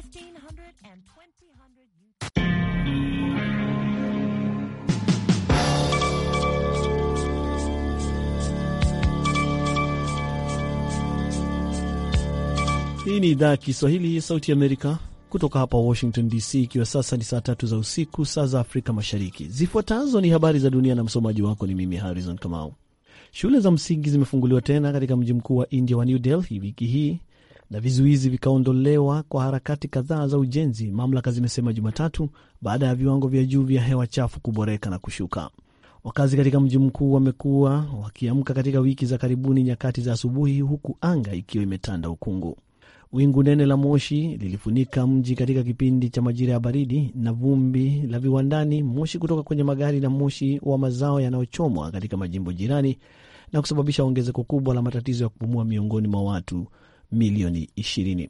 Hii ni idhaa ya Kiswahili ya Sauti Amerika kutoka hapa Washington DC, ikiwa sasa ni saa tatu za usiku, saa za Afrika Mashariki. Zifuatazo ni habari za dunia na msomaji wako ni mimi Harrison Kamau. Shule za msingi zimefunguliwa tena katika mji mkuu wa India wa New Delhi wiki hii na vizuizi vikaondolewa kwa harakati kadhaa za ujenzi, mamlaka zimesema Jumatatu, baada ya viwango vya juu vya hewa chafu kuboreka na kushuka. Wakazi katika mji mkuu wamekuwa wakiamka katika wiki za karibuni nyakati za asubuhi, huku anga ikiwa imetanda ukungu. Wingu nene la moshi lilifunika mji katika kipindi cha majira ya baridi na vumbi la viwandani, moshi kutoka kwenye magari na moshi wa mazao yanayochomwa katika majimbo jirani, na kusababisha ongezeko kubwa la matatizo ya kupumua miongoni mwa watu milioni 20.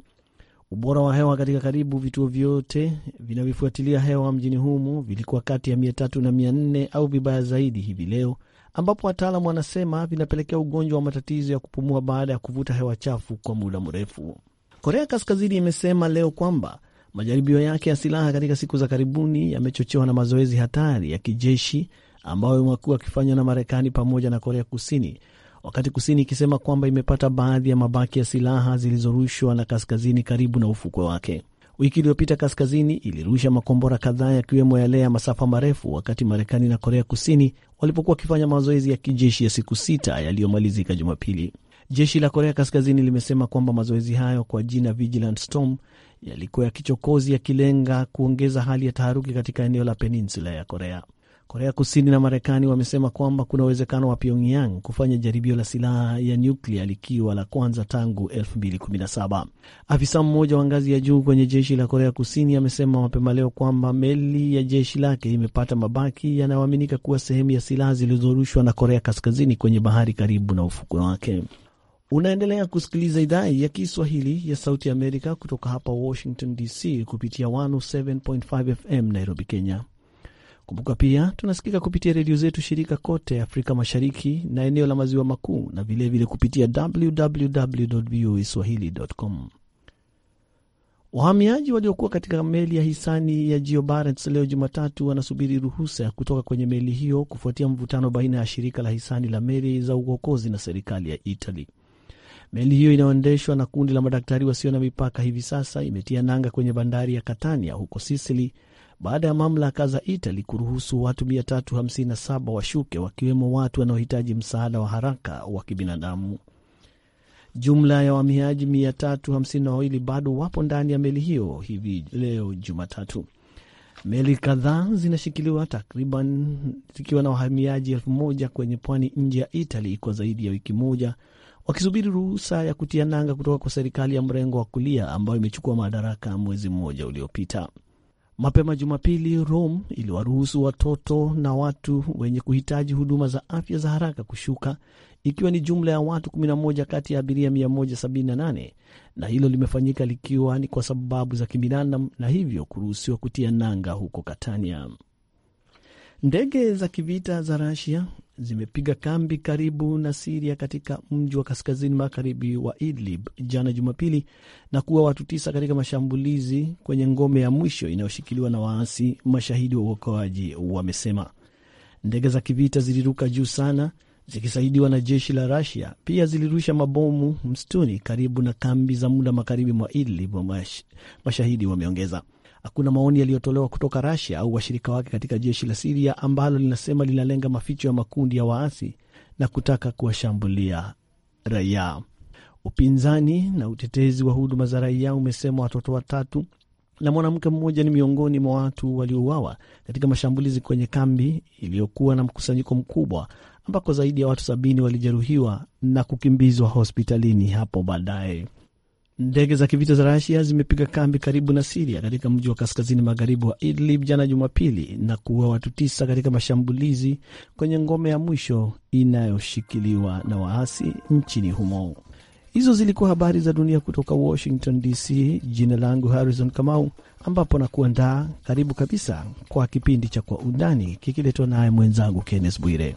Ubora wa hewa katika karibu vituo vyote vinavyofuatilia hewa mjini humo vilikuwa kati ya 300 na 400 au vibaya zaidi hivi leo, ambapo wataalam wanasema vinapelekea ugonjwa wa matatizo ya kupumua baada ya kuvuta hewa chafu kwa muda mrefu. Korea Kaskazini imesema leo kwamba majaribio yake ya silaha katika siku za karibuni yamechochewa na mazoezi hatari ya kijeshi ambayo imekuwa akifanywa na Marekani pamoja na Korea Kusini wakati kusini ikisema kwamba imepata baadhi ya mabaki ya silaha zilizorushwa na kaskazini karibu na ufukwe wake. Wiki iliyopita kaskazini ilirusha makombora kadhaa yakiwemo yale ya masafa marefu, wakati Marekani na Korea kusini walipokuwa wakifanya mazoezi ya kijeshi ya siku sita yaliyomalizika Jumapili. Jeshi la Korea kaskazini limesema kwamba mazoezi hayo kwa jina Vigilant Storm yalikuwa ya kichokozi, yakilenga kuongeza hali ya taharuki katika eneo la peninsula ya Korea. Korea Kusini na Marekani wamesema kwamba kuna uwezekano wa Pyongyang kufanya jaribio la silaha ya nyuklia likiwa la kwanza tangu 2017. Afisa mmoja wa ngazi ya juu kwenye jeshi la Korea Kusini amesema mapema leo kwamba meli ya jeshi lake imepata mabaki yanayoaminika kuwa sehemu ya silaha zilizorushwa na Korea Kaskazini kwenye bahari karibu na ufukwe wake. Unaendelea kusikiliza idhaa ya Kiswahili ya Sauti ya Amerika kutoka hapa Washington DC kupitia 107.5 FM Nairobi, Kenya. Kumbuka pia tunasikika kupitia redio zetu shirika kote Afrika Mashariki na eneo la maziwa makuu na vilevile vile kupitia www voa swahili.com. Wahamiaji waliokuwa katika meli ya hisani ya Geo Barents leo Jumatatu wanasubiri ruhusa ya kutoka kwenye meli hiyo kufuatia mvutano baina ya shirika la hisani la meli za uokozi na serikali ya Italy. Meli hiyo inayoendeshwa na kundi la madaktari wasio na mipaka hivi sasa imetia nanga kwenye bandari ya Katania huko Sisili baada ya mamlaka za Itali kuruhusu watu 357 washuke, wakiwemo watu wanaohitaji msaada wa haraka wa kibinadamu. Jumla ya wahamiaji 352 bado wapo ndani ya meli hiyo hivi leo Jumatatu. Meli kadhaa zinashikiliwa takriban zikiwa na wahamiaji elfu moja kwenye pwani nje ya Itali kwa zaidi ya wiki moja wakisubiri ruhusa ya kutia nanga kutoka kwa serikali ya mrengo wa kulia ambayo imechukua madaraka mwezi mmoja uliopita. Mapema Jumapili, Rome iliwaruhusu watoto na watu wenye kuhitaji huduma za afya za haraka kushuka, ikiwa ni jumla ya watu 11 kati ya abiria 178, na hilo limefanyika likiwa ni kwa sababu za kibinadamu na hivyo kuruhusiwa kutia nanga huko Katania. Ndege za kivita za Rasia zimepiga kambi karibu na Siria katika mji wa kaskazini magharibi wa Idlib jana Jumapili na kuwa watu tisa katika mashambulizi kwenye ngome ya mwisho inayoshikiliwa na waasi, mashahidi wa uokoaji wamesema. Ndege za kivita ziliruka juu sana zikisaidiwa na jeshi la Rusia. Pia zilirusha mabomu msituni karibu na kambi za muda magharibi mwa Idlib, mashahidi wameongeza. Hakuna maoni yaliyotolewa kutoka rasia au washirika wake katika jeshi la Siria ambalo linasema linalenga maficho ya makundi ya waasi na kutaka kuwashambulia raia. Upinzani na utetezi wa huduma za raia umesema watoto watatu na mwanamke mmoja ni miongoni mwa watu waliouawa katika mashambulizi kwenye kambi iliyokuwa na mkusanyiko mkubwa ambako zaidi ya watu sabini walijeruhiwa na kukimbizwa hospitalini hapo baadaye. Ndege za kivita za Rasia zimepiga kambi karibu na Siria katika mji wa kaskazini magharibi wa Idlib jana Jumapili na kuua watu tisa katika mashambulizi kwenye ngome ya mwisho inayoshikiliwa na waasi nchini humo. Hizo zilikuwa habari za dunia kutoka Washington DC. Jina langu Harrison Kamau, ambapo na kuandaa karibu kabisa kwa kipindi cha Kwa Undani kikiletwa naye mwenzangu Kenneth Bwire.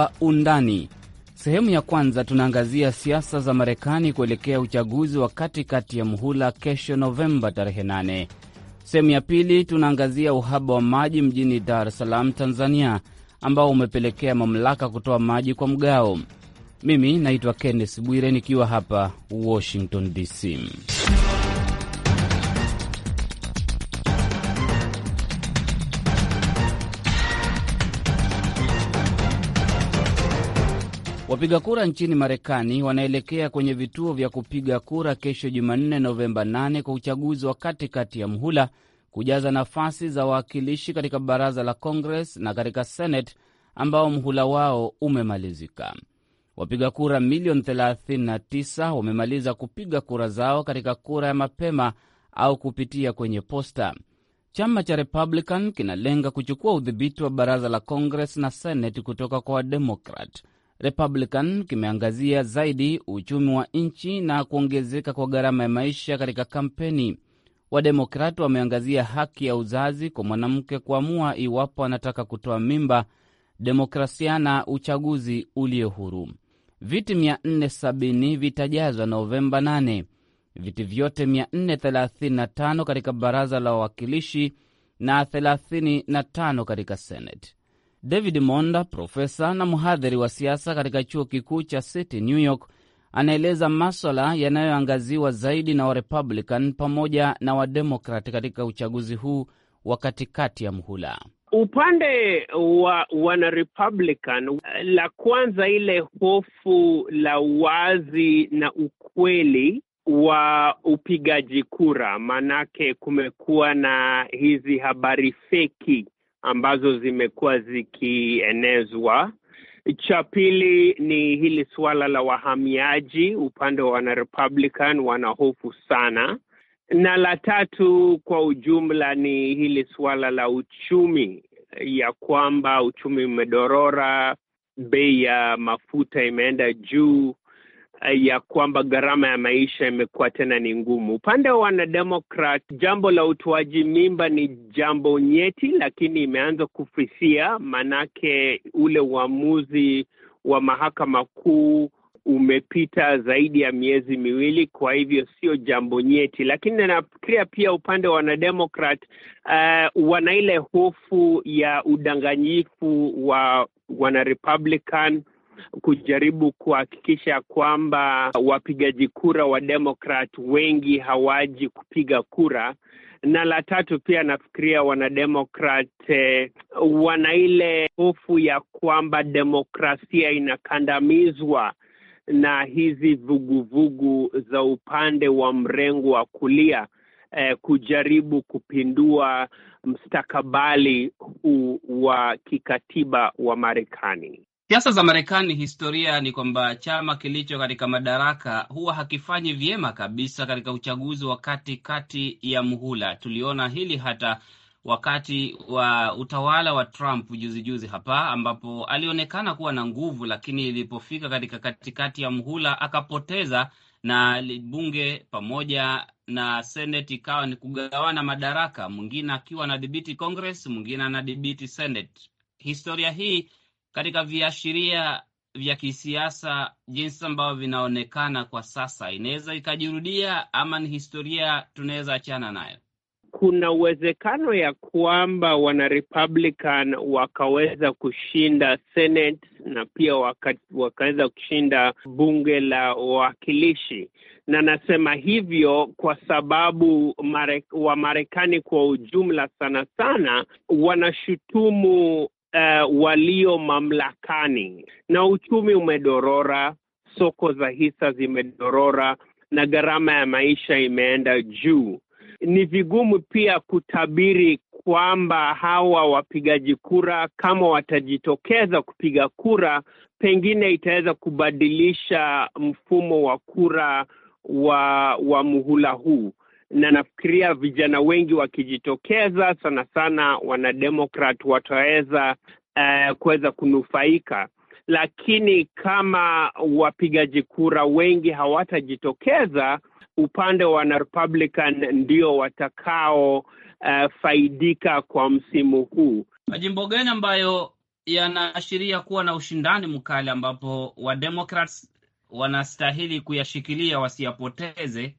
Kwa Undani. Sehemu ya kwanza tunaangazia siasa za Marekani kuelekea uchaguzi wa katikati ya muhula kesho Novemba tarehe 8. Sehemu ya pili tunaangazia uhaba wa maji mjini Dar es Salaam, Tanzania, ambao umepelekea mamlaka kutoa maji kwa mgao. Mimi naitwa Kenneth Bwire nikiwa hapa Washington DC. Wapiga kura nchini Marekani wanaelekea kwenye vituo vya kupiga kura kesho Jumanne, Novemba 8 kwa uchaguzi wa katikati ya mhula kujaza nafasi za wawakilishi katika baraza la Congress na katika Senate ambao mhula wao umemalizika. Wapiga kura milioni 39 wamemaliza kupiga kura zao katika kura ya mapema au kupitia kwenye posta. Chama cha Republican kinalenga kuchukua udhibiti wa baraza la Congress na Senate kutoka kwa Wademokrat. Republican kimeangazia zaidi uchumi wa nchi na kuongezeka kwa gharama ya maisha katika kampeni. Wademokrati wameangazia haki ya uzazi kwa mwanamke kuamua iwapo anataka kutoa mimba, demokrasia na uchaguzi ulio huru. Viti 470 vitajazwa Novemba 8. Viti vyote 435 katika baraza la wawakilishi na 35 katika Senate. David Monda, profesa na mhadhiri wa siasa katika chuo kikuu cha City New York, anaeleza maswala yanayoangaziwa zaidi na Warepublican pamoja na Wademokrat katika uchaguzi huu wa katikati ya mhula. Upande wa wanarepublican, la kwanza, ile hofu la wazi na ukweli wa upigaji kura, maanake kumekuwa na hizi habari feki ambazo zimekuwa zikienezwa. Cha pili ni hili suala la wahamiaji, upande wa wanarepublican wanahofu sana, na la tatu kwa ujumla ni hili suala la uchumi, ya kwamba uchumi umedorora, bei ya mafuta imeenda juu Eh, ya kwamba gharama ya maisha imekuwa tena ni ngumu. Upande wa wanademokrat, jambo la utoaji mimba ni jambo nyeti, lakini imeanza kufisia, maanake ule uamuzi wa mahakama kuu umepita zaidi ya miezi miwili, kwa hivyo sio jambo nyeti. Lakini nafikiria pia upande wa wanademokrat uh, wana ile hofu ya udanganyifu wa wanarepublican kujaribu kuhakikisha kwamba wapigaji kura wa Demokrat wengi hawaji kupiga kura na la tatu pia nafikiria wanademokrat eh, wana ile hofu ya kwamba demokrasia inakandamizwa na hizi vuguvugu vugu za upande wa mrengo wa kulia eh, kujaribu kupindua mstakabali huu wa kikatiba wa Marekani. Siasa za Marekani, historia ni kwamba chama kilicho katika madaraka huwa hakifanyi vyema kabisa katika uchaguzi wa katikati ya muhula. Tuliona hili hata wakati wa utawala wa Trump juzijuzi juzi hapa, ambapo alionekana kuwa na nguvu, lakini ilipofika katika katikati ya muhula akapoteza, na bunge pamoja na seneti ikawa ni kugawana madaraka, mwingine akiwa anadhibiti Congress, mwingine anadhibiti Senate. Historia hii katika viashiria vya kisiasa jinsi ambavyo vinaonekana kwa sasa, inaweza ikajirudia ama ni historia tunaweza achana nayo? Kuna uwezekano ya kwamba wana Republican wakaweza kushinda Senate na pia waka, wakaweza kushinda bunge la wawakilishi, na nasema hivyo kwa sababu mare, Wamarekani kwa ujumla sana sana wanashutumu uh, walio mamlakani, na uchumi umedorora, soko za hisa zimedorora, na gharama ya maisha imeenda juu. Ni vigumu pia kutabiri kwamba hawa wapigaji kura kama watajitokeza kupiga kura, pengine itaweza kubadilisha mfumo wa kura wa wa muhula huu na nafikiria vijana wengi wakijitokeza, sana sana wanademokrat wataweza uh, kuweza kunufaika, lakini kama wapigaji kura wengi hawatajitokeza, upande wa wanarepublican ndio watakaofaidika eh, uh, kwa msimu huu. Majimbo gani ambayo yanaashiria kuwa na ushindani mkali ambapo wademokrat wanastahili kuyashikilia wasiyapoteze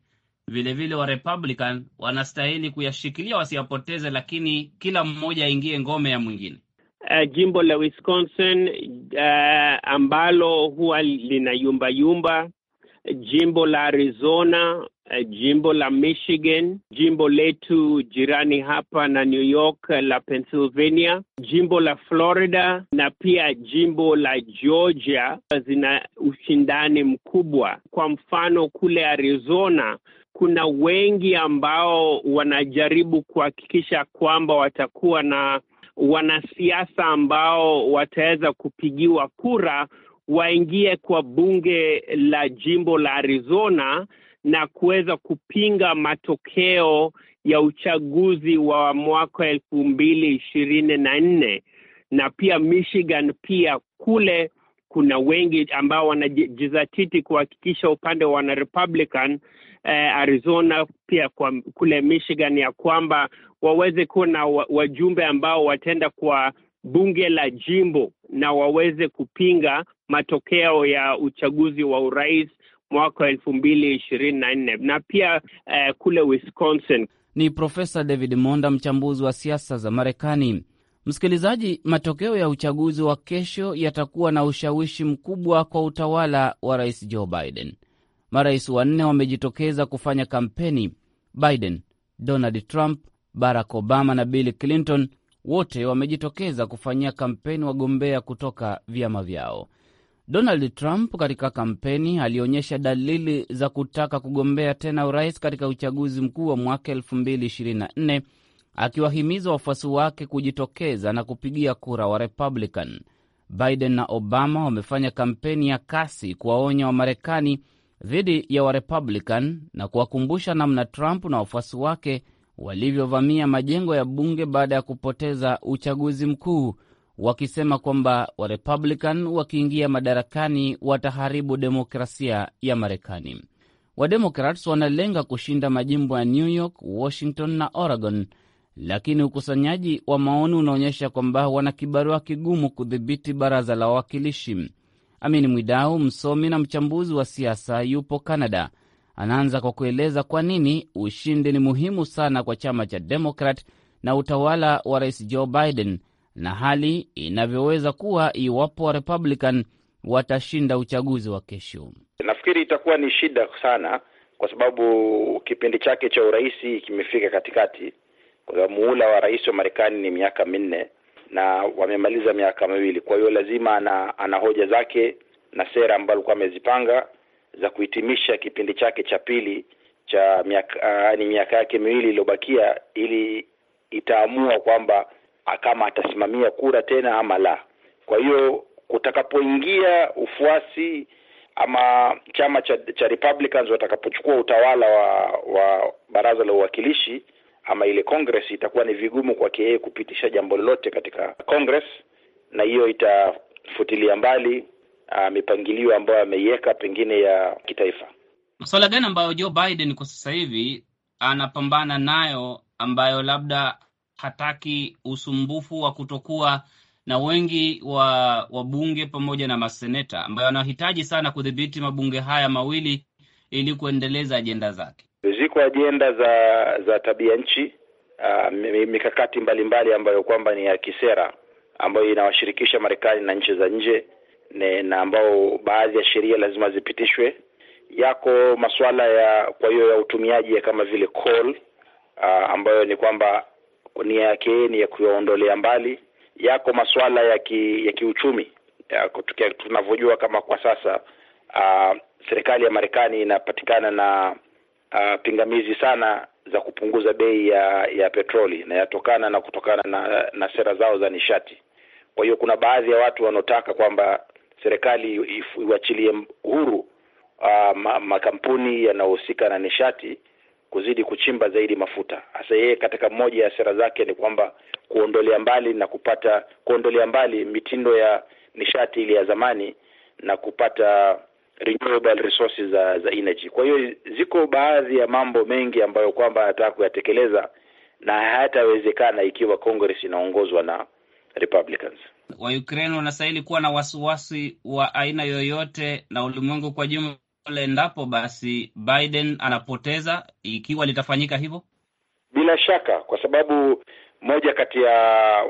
Vilevile Republican wanastahili kuyashikilia wasiyapoteze, lakini kila mmoja aingie ngome ya mwingine. Uh, jimbo la Wisconsin uh, ambalo huwa lina yumba yumba, jimbo la Arizona, uh, jimbo la Michigan, jimbo letu jirani hapa na New York la Pennsylvania, jimbo la Florida na pia jimbo la Georgia zina ushindani mkubwa. Kwa mfano kule Arizona kuna wengi ambao wanajaribu kuhakikisha kwamba watakuwa na wanasiasa ambao wataweza kupigiwa kura waingie kwa bunge la jimbo la Arizona na kuweza kupinga matokeo ya uchaguzi wa mwaka elfu mbili ishirini na nne na pia Michigan pia kule kuna wengi ambao wanajizatiti kuhakikisha upande wa wanarepublican eh, Arizona pia kwa, kule Michigan ya kwamba waweze kuwa na wajumbe ambao wataenda kwa bunge la jimbo na waweze kupinga matokeo ya uchaguzi wa urais mwaka wa elfu mbili ishirini na nne na pia eh, kule Wisconsin. Ni Profesa David Monda, mchambuzi wa siasa za Marekani. Msikilizaji, matokeo ya uchaguzi wa kesho yatakuwa na ushawishi mkubwa kwa utawala wa Rais Joe Biden. Marais wanne wamejitokeza kufanya kampeni: Biden, Donald Trump, Barack Obama na Bill Clinton wote wamejitokeza kufanyia kampeni wagombea kutoka vyama vyao. Donald Trump katika kampeni alionyesha dalili za kutaka kugombea tena urais katika uchaguzi mkuu wa mwaka 2024 akiwahimiza wafuasi wake kujitokeza na kupigia kura wa Republican. Biden na Obama wamefanya kampeni ya kasi kuwaonya Wamarekani dhidi ya Warepublican na kuwakumbusha namna Trump na wafuasi wake walivyovamia majengo ya bunge baada ya kupoteza uchaguzi mkuu, wakisema kwamba Warepublican wakiingia madarakani wataharibu demokrasia ya Marekani. Wademokrats wanalenga kushinda majimbo ya New York, Washington na Oregon, lakini ukusanyaji wa maoni unaonyesha kwamba wana kibarua kigumu kudhibiti baraza la wawakilishi. Amin Mwidau, msomi na mchambuzi wa siasa, yupo Canada. Anaanza kwa kueleza kwa nini ushindi ni muhimu sana kwa chama cha Demokrat na utawala wa Rais Joe Biden na hali inavyoweza kuwa iwapo wa Republican watashinda uchaguzi wa kesho. Nafikiri itakuwa ni shida sana, kwa sababu kipindi chake cha urais kimefika katikati, kwa sababu muhula wa rais wa Marekani ni miaka minne na wamemaliza miaka miwili. Kwa hiyo lazima ana, ana hoja zake na sera ambazo alikuwa amezipanga za kuhitimisha kipindi chake cha pili cha miaka ni yaani miaka yake miwili iliyobakia, ili itaamua kwamba kama atasimamia kura tena ama la. Kwa hiyo kutakapoingia ufuasi ama chama cha, cha Republicans watakapochukua utawala wa, wa baraza la uwakilishi ama ile Congress, itakuwa ni vigumu kwake yeye kupitisha jambo lolote katika Congress, na hiyo itafutilia mbali uh, mipangilio ambayo ameiweka pengine ya kitaifa. Masuala gani ambayo Joe Biden kwa sasa hivi anapambana nayo ambayo labda hataki usumbufu wa kutokuwa na wengi wa wabunge pamoja na maseneta ambayo anahitaji sana kudhibiti mabunge haya mawili ili kuendeleza ajenda zake. Ziko ajenda za za tabia nchi, uh, mikakati mbalimbali ambayo kwamba ni ya kisera ambayo inawashirikisha Marekani na nchi za nje ne, na ambao baadhi ya sheria lazima zipitishwe. Yako masuala ya kwa hiyo ya utumiaji ya kama vile coal, uh, ambayo ni kwamba nia yake ni ya kuyaondolea mbali. Yako masuala ya ki, ya kiuchumi tunavyojua kama kwa sasa uh, serikali ya Marekani inapatikana na uh, pingamizi sana za kupunguza bei ya ya petroli na yatokana na kutokana na, na sera zao za nishati. Kwa hiyo kuna baadhi ya watu wanaotaka kwamba serikali iwachilie huru uh, makampuni yanayohusika na nishati kuzidi kuchimba zaidi mafuta. Hasa yeye katika moja ya sera zake ni kwamba kuondolea mbali na kupata kuondolea mbali mitindo ya nishati ile ya zamani na kupata renewable resources za za energy. Kwa hiyo ziko baadhi ya mambo mengi ambayo kwamba anataka kuyatekeleza na hayatawezekana ikiwa Congress inaongozwa na Republicans. Wa Ukraine wanastahili kuwa na wasiwasi wa aina yoyote na ulimwengu kwa jumla, endapo basi Biden anapoteza, ikiwa litafanyika hivyo, bila shaka, kwa sababu moja kati ya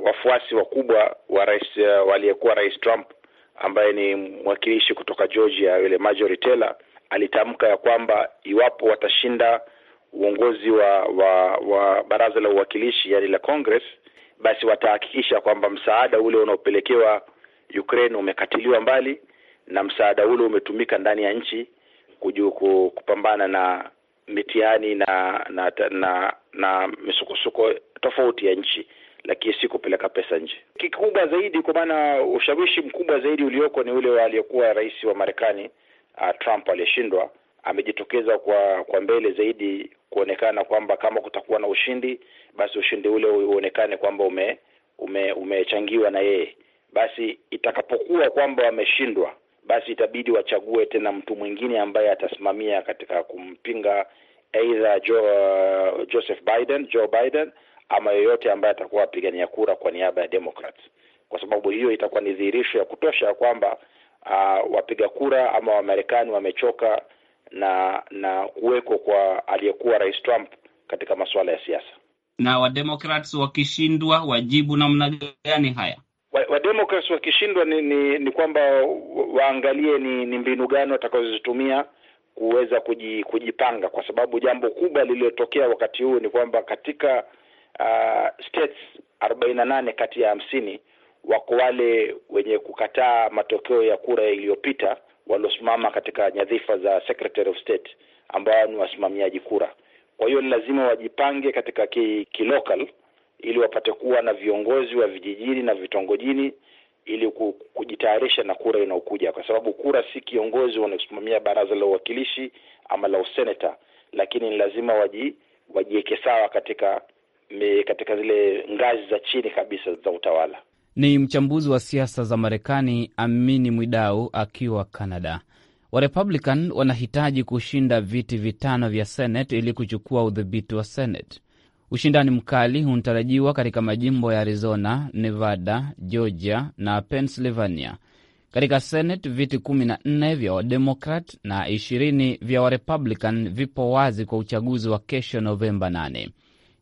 wafuasi wakubwa wa rais waliyekuwa Rais Trump ambaye ni mwakilishi kutoka Georgia yule Marjorie Taylor alitamka ya kwamba iwapo watashinda uongozi wa wa, wa baraza la uwakilishi yani la Congress, basi watahakikisha kwamba msaada ule unaopelekewa Ukraine umekatiliwa mbali na msaada ule umetumika ndani ya nchi kujuku, kupambana na mitihani na na na, na misukosuko tofauti ya nchi lakini si kupeleka pesa nje. Kikubwa zaidi, kwa maana ushawishi mkubwa zaidi ulioko ni ule wa aliyekuwa rais wa Marekani uh, Trump aliyeshindwa, amejitokeza kwa kwa mbele zaidi kuonekana kwamba kama kutakuwa na ushindi, basi ushindi ule uonekane kwamba ume- umechangiwa ume na yeye. Basi itakapokuwa kwamba wameshindwa, basi itabidi wachague tena mtu mwingine ambaye atasimamia katika kumpinga aidha Joe, uh, Joseph Biden, Joe Biden ama yeyote ambaye atakuwa apigania kura kwa niaba ya Democrats, kwa sababu hiyo itakuwa ni dhihirisho ya kutosha ya kwamba uh, wapiga kura ama Wamarekani wamechoka na na kuweko kwa aliyekuwa Rais Trump katika masuala ya siasa. Na wademokrats wakishindwa wajibu namna gani haya? Wademokrats wa wakishindwa ni, ni, ni kwamba waangalie ni, ni mbinu gani watakazozitumia kuweza kujipanga, kwa sababu jambo kubwa lililotokea wakati huu ni kwamba katika uh, states arobaini na nane kati ya hamsini wako wale wenye kukataa matokeo ya kura iliyopita waliosimama katika nyadhifa za Secretary of State ambao ni wasimamiaji kura. Kwa hiyo ni lazima wajipange katika kilocal ki ili wapate kuwa na viongozi wa vijijini na vitongojini ili kujitayarisha na kura inaokuja, kwa sababu kura si kiongozi wanaosimamia baraza la uwakilishi ama la useneta, lakini ni lazima waji sawa katika katika zile ngazi za chini kabisa za utawala. Ni mchambuzi wa siasa za Marekani Amini Mwidau akiwa Canada. Warepublican wanahitaji kushinda viti vitano vya Senate ili kuchukua udhibiti wa Senate. Ushindani mkali unatarajiwa katika majimbo ya Arizona, Nevada, Georgia na Pennsylvania. Katika Senate viti 14 vya Wademokrat na 20 vya Warepublican vipo wazi kwa uchaguzi wa kesho Novemba 8.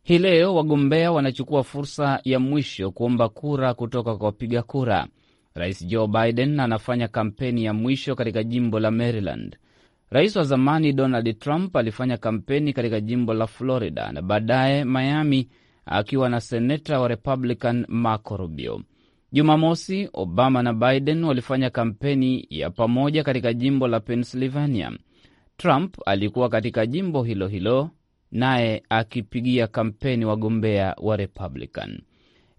Hii leo wagombea wanachukua fursa ya mwisho kuomba kura kutoka kwa wapiga kura. Rais Joe Biden anafanya kampeni ya mwisho katika jimbo la Maryland. Rais wa zamani Donald Trump alifanya kampeni katika jimbo la Florida na baadaye Miami akiwa na seneta wa Republican Marco Rubio. Jumamosi, Obama na Biden walifanya kampeni ya pamoja katika jimbo la Pennsylvania. Trump alikuwa katika jimbo hilo hilo naye akipigia kampeni wagombea wa Republican.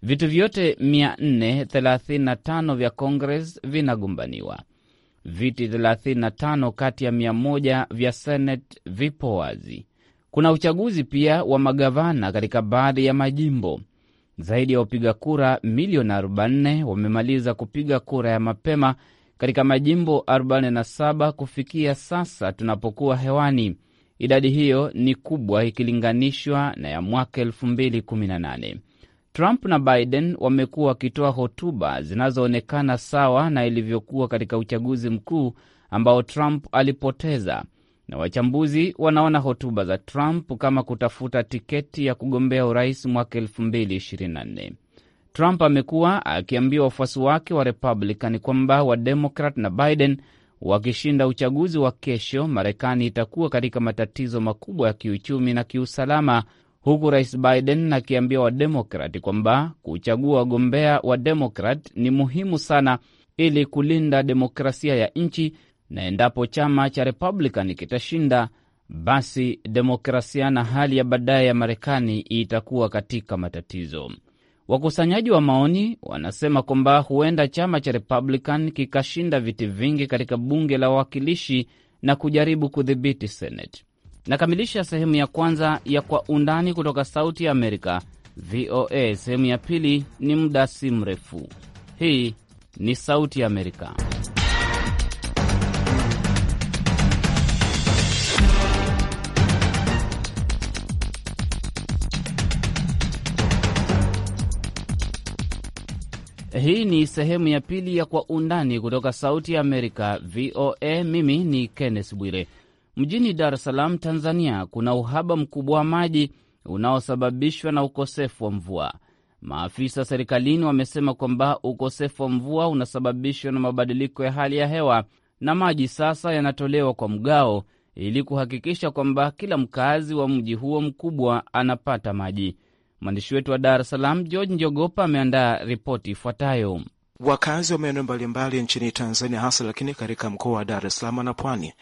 vitu vyote 435 vya Congress vinagombaniwa. Viti 35 kati ya 100 vya Senate vipo wazi. Kuna uchaguzi pia wa magavana katika baadhi ya majimbo. Zaidi ya wapiga kura milioni 40 wamemaliza kupiga kura ya mapema katika majimbo 47 kufikia sasa tunapokuwa hewani. Idadi hiyo ni kubwa ikilinganishwa na ya mwaka 2018. Trump na Biden wamekuwa wakitoa hotuba zinazoonekana sawa na ilivyokuwa katika uchaguzi mkuu ambao Trump alipoteza, na wachambuzi wanaona hotuba za Trump kama kutafuta tiketi ya kugombea urais mwaka 2024. Trump amekuwa akiambia wafuasi wake wa Republican kwamba Wademokrat na Biden Wakishinda uchaguzi wa kesho, Marekani itakuwa katika matatizo makubwa ya kiuchumi na kiusalama, huku Rais Biden akiambia Wademokrati kwamba kuchagua wagombea wa Demokrat ni muhimu sana ili kulinda demokrasia ya nchi, na endapo chama cha Republican kitashinda, basi demokrasia na hali ya baadaye ya Marekani itakuwa katika matatizo. Wakusanyaji wa maoni wanasema kwamba huenda chama cha Republican kikashinda viti vingi katika bunge la wawakilishi na kujaribu kudhibiti Senate. Nakamilisha sehemu ya kwanza ya Kwa Undani kutoka Sauti ya Amerika, VOA. Sehemu ya pili ni muda si mrefu. Hii ni Sauti ya Amerika. Hii ni sehemu ya pili ya Kwa Undani kutoka Sauti ya Amerika, VOA. Mimi ni Kenneth Bwire. Mjini Dar es Salaam, Tanzania, kuna uhaba mkubwa wa maji unaosababishwa na ukosefu wa mvua. Maafisa serikalini wamesema kwamba ukosefu wa mvua unasababishwa na mabadiliko ya hali ya hewa na maji sasa yanatolewa kwa mgao ili kuhakikisha kwamba kila mkazi wa mji huo mkubwa anapata maji. Mwandishi wetu wa Dar es Salaam George Njogopa ameandaa ripoti ifuatayo. Wakazi wa maeneo mbalimbali nchini Tanzania, hasa lakini katika mkoa wa Dar es Salaam na Pwani,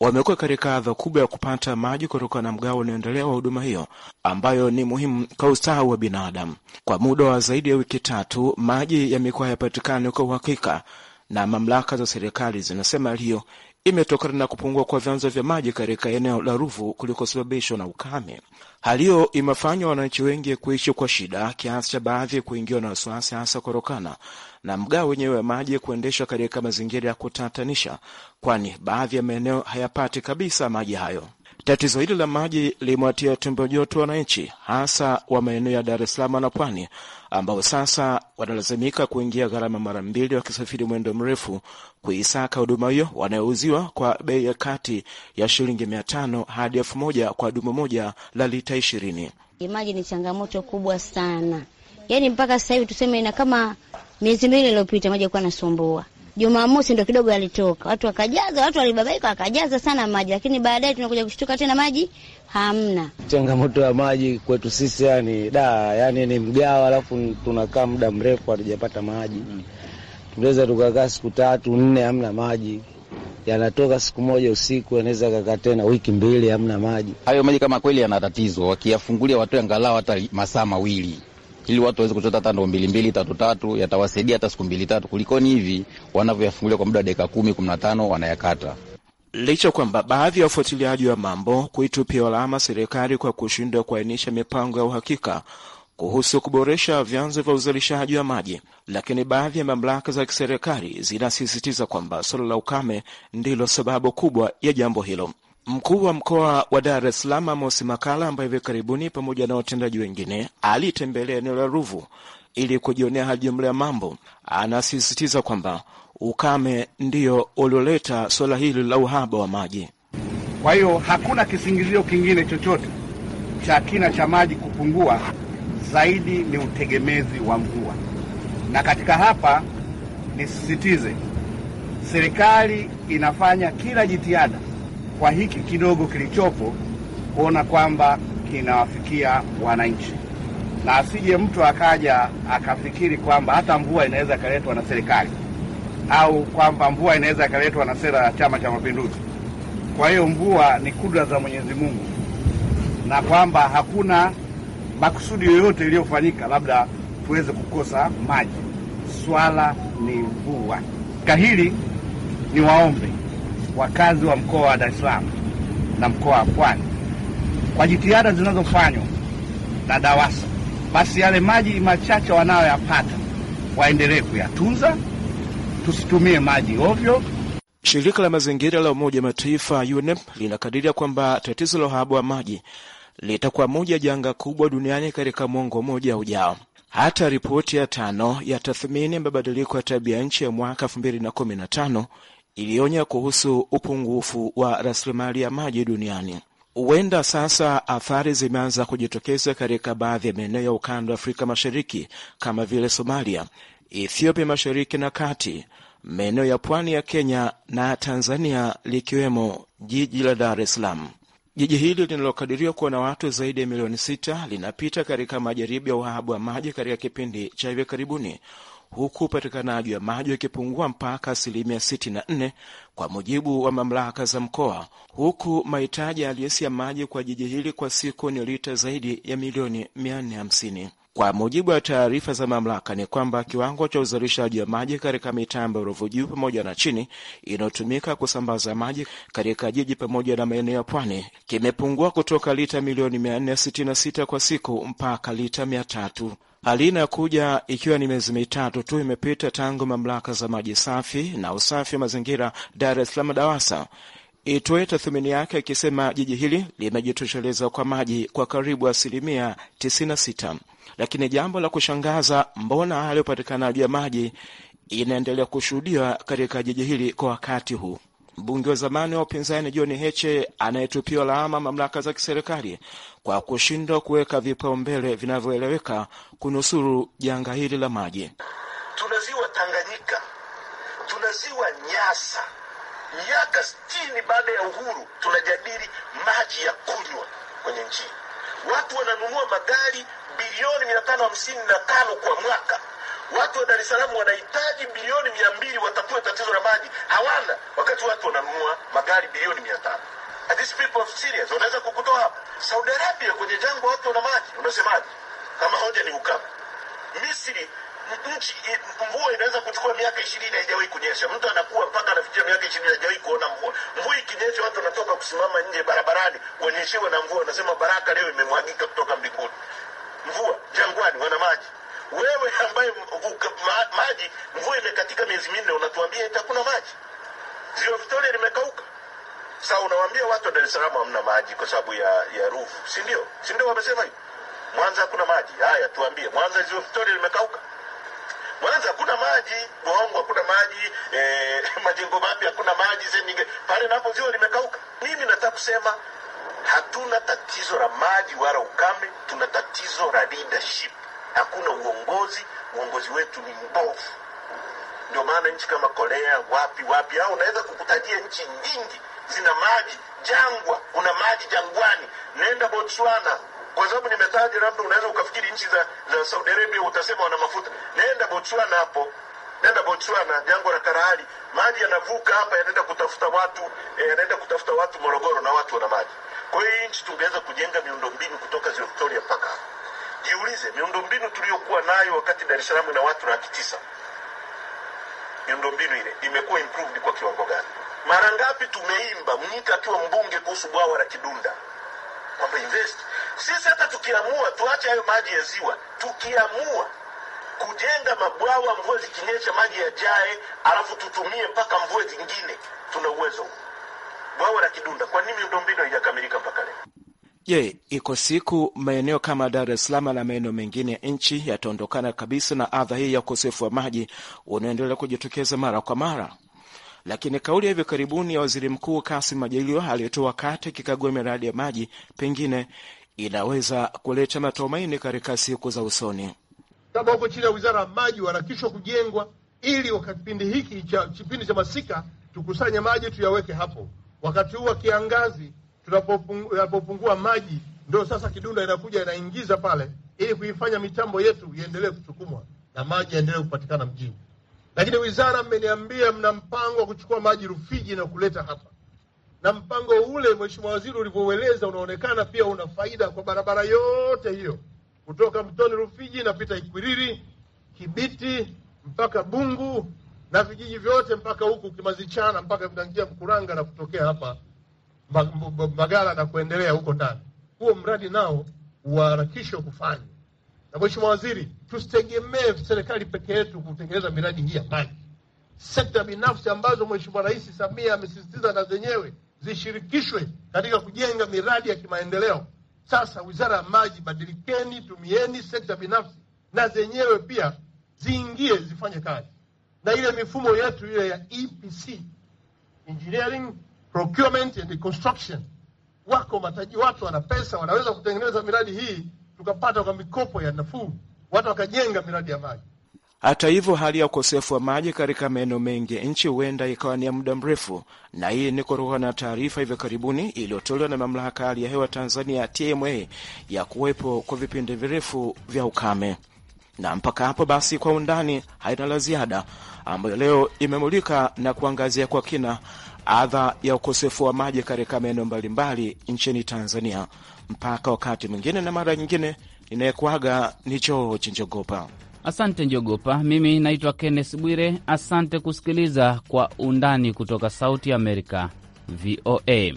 wamekuwa katika adha kubwa ya kupata maji kutoka na mgao unaoendelea wa huduma hiyo ambayo ni muhimu kwa ustawi wa binadamu. Kwa muda wa zaidi ya wiki tatu, maji yamekuwa hayapatikani kwa uhakika, na mamlaka za serikali zinasema hiyo imetokana na kupungua kwa vyanzo vya maji katika eneo la Ruvu kulikosababishwa na ukame. Hali hiyo imefanywa wananchi wengi kuishi kwa shida kiasi cha baadhi kuingiwa na wasiwasi, hasa kutokana na mgao wenyewe wa maji kuendeshwa katika mazingira ya kutatanisha, kwani baadhi ya maeneo hayapati kabisa maji hayo. Tatizo hili la maji limewatia tumbo joto wananchi, hasa wa maeneo ya Dar es Salaam na Pwani, ambao sasa wanalazimika kuingia gharama mara mbili wakisafiri mwendo mrefu kuisaka huduma hiyo wanayouziwa kwa bei ya kati ya shilingi mia tano hadi elfu moja kwa dumu moja la lita ishirini. Maji ni changamoto kubwa sana, yaani mpaka sasa hivi tuseme, na kama miezi miwili iliyopita maji yakuwa nasumbua Jumamosi ndo kidogo yalitoka, watu wakajaza, watu walibabaika, wakajaza sana maji, lakini baadaye tunakuja kushtuka tena maji hamna. Changamoto ya maji kwetu sisi yani da, yani ni mgawa, alafu tunakaa muda mrefu hatujapata maji. Tunaweza tukakaa siku tatu nne hamna maji yanatoka siku moja usiku, anaweza kakaa tena wiki mbili hamna maji. Hayo maji kama kweli yana tatizo, wakiyafungulia watoe angalau hata masaa mawili ili watu waweze kuchota hata ndoo mbili mbili tatu tatu, yatawasaidia hata siku mbili tatu kulikoni hivi wanavyoyafungulia kwa muda wa dakika kumi kumi na tano wanayakata. Licha kwamba baadhi ya wafuatiliaji wa mambo kuitupia lawama serikali kwa kushindwa kuainisha mipango ya uhakika kuhusu kuboresha vyanzo vya uzalishaji wa maji, lakini baadhi ya mamlaka za kiserikali zinasisitiza kwamba suala la ukame ndilo sababu kubwa ya jambo hilo. Mkuu wa mkoa wa Dar es Salaam Amos Makala, ambaye hivi karibuni pamoja na watendaji wengine alitembelea eneo la Ruvu ili kujionea hali jumla ya mambo, anasisitiza kwamba ukame ndiyo ulioleta suala hili la uhaba wa maji. Kwa hiyo hakuna kisingizio kingine chochote cha kina cha maji kupungua zaidi ni utegemezi wa mvua, na katika hapa nisisitize, serikali inafanya kila jitihada kwa hiki kidogo kilichopo kuona kwamba kinawafikia wananchi, na asije mtu akaja akafikiri kwamba hata mvua inaweza ikaletwa na serikali au kwamba mvua inaweza ikaletwa na sera ya Chama cha Mapinduzi. Kwa hiyo mvua ni kudra za Mwenyezi Mungu, na kwamba hakuna makusudi yoyote iliyofanyika labda tuweze kukosa maji. Swala ni mvua. Kahili ni waombe wakazi wa mkoa wa Dar es Salaam na mkoa wa Pwani kwa jitihada zinazofanywa na DAWASA, basi yale maji machache wanayoyapata waendelee kuyatunza, tusitumie maji ovyo. Shirika la mazingira la Umoja wa Mataifa UNEP linakadiria kwamba tatizo la uhaba wa maji litakuwa moja janga kubwa duniani katika mwongo mmoja ujao. Hata ripoti ya tano ya tathmini ya mabadiliko ya tabia nchi ya mwaka 2015 ilionya kuhusu upungufu wa rasilimali ya maji duniani. Huenda sasa athari zimeanza kujitokeza katika baadhi ya maeneo ya ukanda wa Afrika Mashariki kama vile Somalia, Ethiopia mashariki na kati, maeneo ya pwani ya Kenya na Tanzania, likiwemo jiji la Dar es Salaam. Jiji hili linalokadiriwa kuwa na watu zaidi ya milioni sita linapita katika majaribu ya uhaba wa maji katika kipindi cha hivi karibuni, huku upatikanaji wa maji wakipungua mpaka asilimia 64 kwa mujibu wa mamlaka za mkoa, huku mahitaji halisi ya maji kwa jiji hili kwa siku ni lita zaidi ya milioni 450. Kwa mujibu wa taarifa za mamlaka ni kwamba kiwango cha uzalishaji wa maji katika mitambo ya Ruvu Juu pamoja na chini inayotumika kusambaza maji katika jiji pamoja na maeneo ya pwani kimepungua kutoka lita milioni 466 kwa siku mpaka lita 300. Hali inayokuja ikiwa ni miezi mitatu tu imepita tangu mamlaka za maji safi na usafi wa mazingira Dar es Salaam DAWASA itoe tathmini yake ikisema jiji hili limejitosheleza kwa maji kwa karibu asilimia 96. Lakini jambo la kushangaza, mbona hali upatikanaji wa maji inaendelea kushuhudiwa katika jiji hili kwa wakati huu? mbunge wa zamani wa upinzani John Heche anayetupiwa lawama mamlaka za kiserikali kwa kushindwa kuweka vipaumbele vinavyoeleweka kunusuru janga hili la maji. Tunaziwa Tanganyika, tunaziwa Nyasa, miaka sitini baada ya uhuru tunajadili maji ya kunywa kwenye nchi. Watu wananunua magari bilioni mia tano hamsini na tano kwa mwaka Watu wa Dar es Salaam wanahitaji bilioni mia mbili watatue tatizo la maji, hawana, wakati watu wananunua magari bilioni mia tano. These people are serious, wanaweza kukutoa hapa. Saudi Arabia kwenye jangwa watu wana maji, unasemaje? Kama hoja ni ukame. Misri nchi mvua inaweza kuchukua miaka ishirini haijawahi kunyesha. Mtu anakuwa mpaka anafikia miaka ishirini haijawahi kuona mvua. Mvua ikinyesha, watu wanatoka kusimama nje barabarani wanyeshewe na mvua, wanasema baraka leo imemwagika kutoka mbinguni. Mvua jangwani, wana maji. Wewe ambaye maji mvua ile katika miezi minne, unatuambia eti hakuna maji? Ziwa Victoria limekauka. Sasa unawaambia watu wa Dar es Salaam hamna maji kwa sababu ya ya rufu, si ndio? Si ndio wamesema hivyo? Mwanza hakuna maji. Haya, tuambie Mwanza, Ziwa Victoria limekauka. Mwanza hakuna maji, Bohongo hakuna maji, e, majengo mapya hakuna maji, Zeninge pale napo ziwa limekauka. Mimi nataka kusema hatuna tatizo la maji wala ukame, tuna tatizo la leadership hakuna uongozi. Uongozi wetu ni mbovu. Ndio maana nchi kama Korea wapi wapi, au unaweza kukutajia nchi nyingi zina maji jangwa, una maji jangwani. Nenda Botswana, kwa sababu nimetaja, labda unaweza ukafikiri nchi za, za Saudi Arabia utasema wana mafuta. Nenda Botswana hapo, nenda Botswana, jangwa la Kalahari, maji yanavuka hapa, yanaenda kutafuta watu eh, yanaenda kutafuta watu Morogoro, na watu wana maji. Kwa hiyo nchi tungeweza kujenga miundombinu kutoka Ziwa Victoria mpaka hapa. Jiulize, miundombinu tuliyokuwa nayo wakati Dar es Salaam ina watu laki tisa, miundombinu ile imekuwa improved kwa kiwango gani? Mara ngapi tumeimba Mnyika akiwa mbunge kuhusu bwawa la Kidunda kwamba invest. Sisi hata tukiamua tuache hayo maji ya ziwa, tukiamua kujenga mabwawa, mvua zikinyesha maji yajae, alafu tutumie mpaka mvua zingine, tuna uwezo huu. Bwawa la Kidunda, kwa nini miundombinu haijakamilika mpaka leo? Je, iko siku maeneo kama Dar es Salaam na maeneo mengine ya nchi yataondokana kabisa na adha hii ya ukosefu wa maji unaoendelea kujitokeza mara kwa mara? Lakini kauli ya hivi karibuni ya Waziri Mkuu Kassim Majaliwa aliyetoa wakati akikagua miradi ya maji pengine inaweza kuleta matumaini katika siku za usoni. Kama chini ya wizara ya maji warakishwa kujengwa, ili kipindi hiki cha kipindi cha masika tukusanye maji tuyaweke hapo, wakati huu wa kiangazi tunapopungua maji ndo sasa kidunda inakuja inaingiza pale, ili kuifanya mitambo yetu iendelee kusukumwa na maji yaendelee kupatikana mjini. Lakini wizara, mmeniambia mna mpango wa kuchukua maji Rufiji na kuleta hapa, na mpango ule Mheshimiwa Waziri ulivyoueleza unaonekana pia una faida kwa barabara yote hiyo kutoka mtoni Rufiji napita Ikwiriri, Kibiti mpaka Bungu na vijiji vyote mpaka huku Kimazichana mpaka vinangia Mkuranga na kutokea hapa mbagala na kuendelea huko ndani Huo mradi nao uharakishwe kufanya. Na Mheshimiwa Waziri, tusitegemee serikali peke yetu kutengeneza miradi hii ya maji. Sekta binafsi ambazo Mheshimiwa Rais Samia amesisitiza na zenyewe zishirikishwe katika kujenga miradi ya kimaendeleo. Sasa Wizara ya Maji, badilikeni, tumieni sekta binafsi na zenyewe pia ziingie zifanye kazi, na ile mifumo yetu ile ya EPC engineering procurement and construction. Wako mataji, watu wana pesa, wanaweza kutengeneza miradi hii, tukapata kwa mikopo ya nafuu, watu wakajenga miradi ya maji. Hata hivyo, hali ya ukosefu wa maji katika maeneo mengi ya nchi huenda ikawa ni ya muda mrefu, na hii ni kutokana na taarifa hivi karibuni iliyotolewa na mamlaka hali ya hewa Tanzania TMA ya kuwepo kwa vipindi virefu vya ukame. Na mpaka hapo basi, kwa undani haina la ziada, ambayo leo imemulika na kuangazia kwa kina adha ya ukosefu wa maji katika maeneo mbalimbali nchini Tanzania. Mpaka wakati mwingine na mara nyingine, ninayekwaga ni George Njogopa. Asante Njogopa. Mimi naitwa Kenneth Bwire. Asante kusikiliza Kwa Undani kutoka Sauti Amerika, VOA.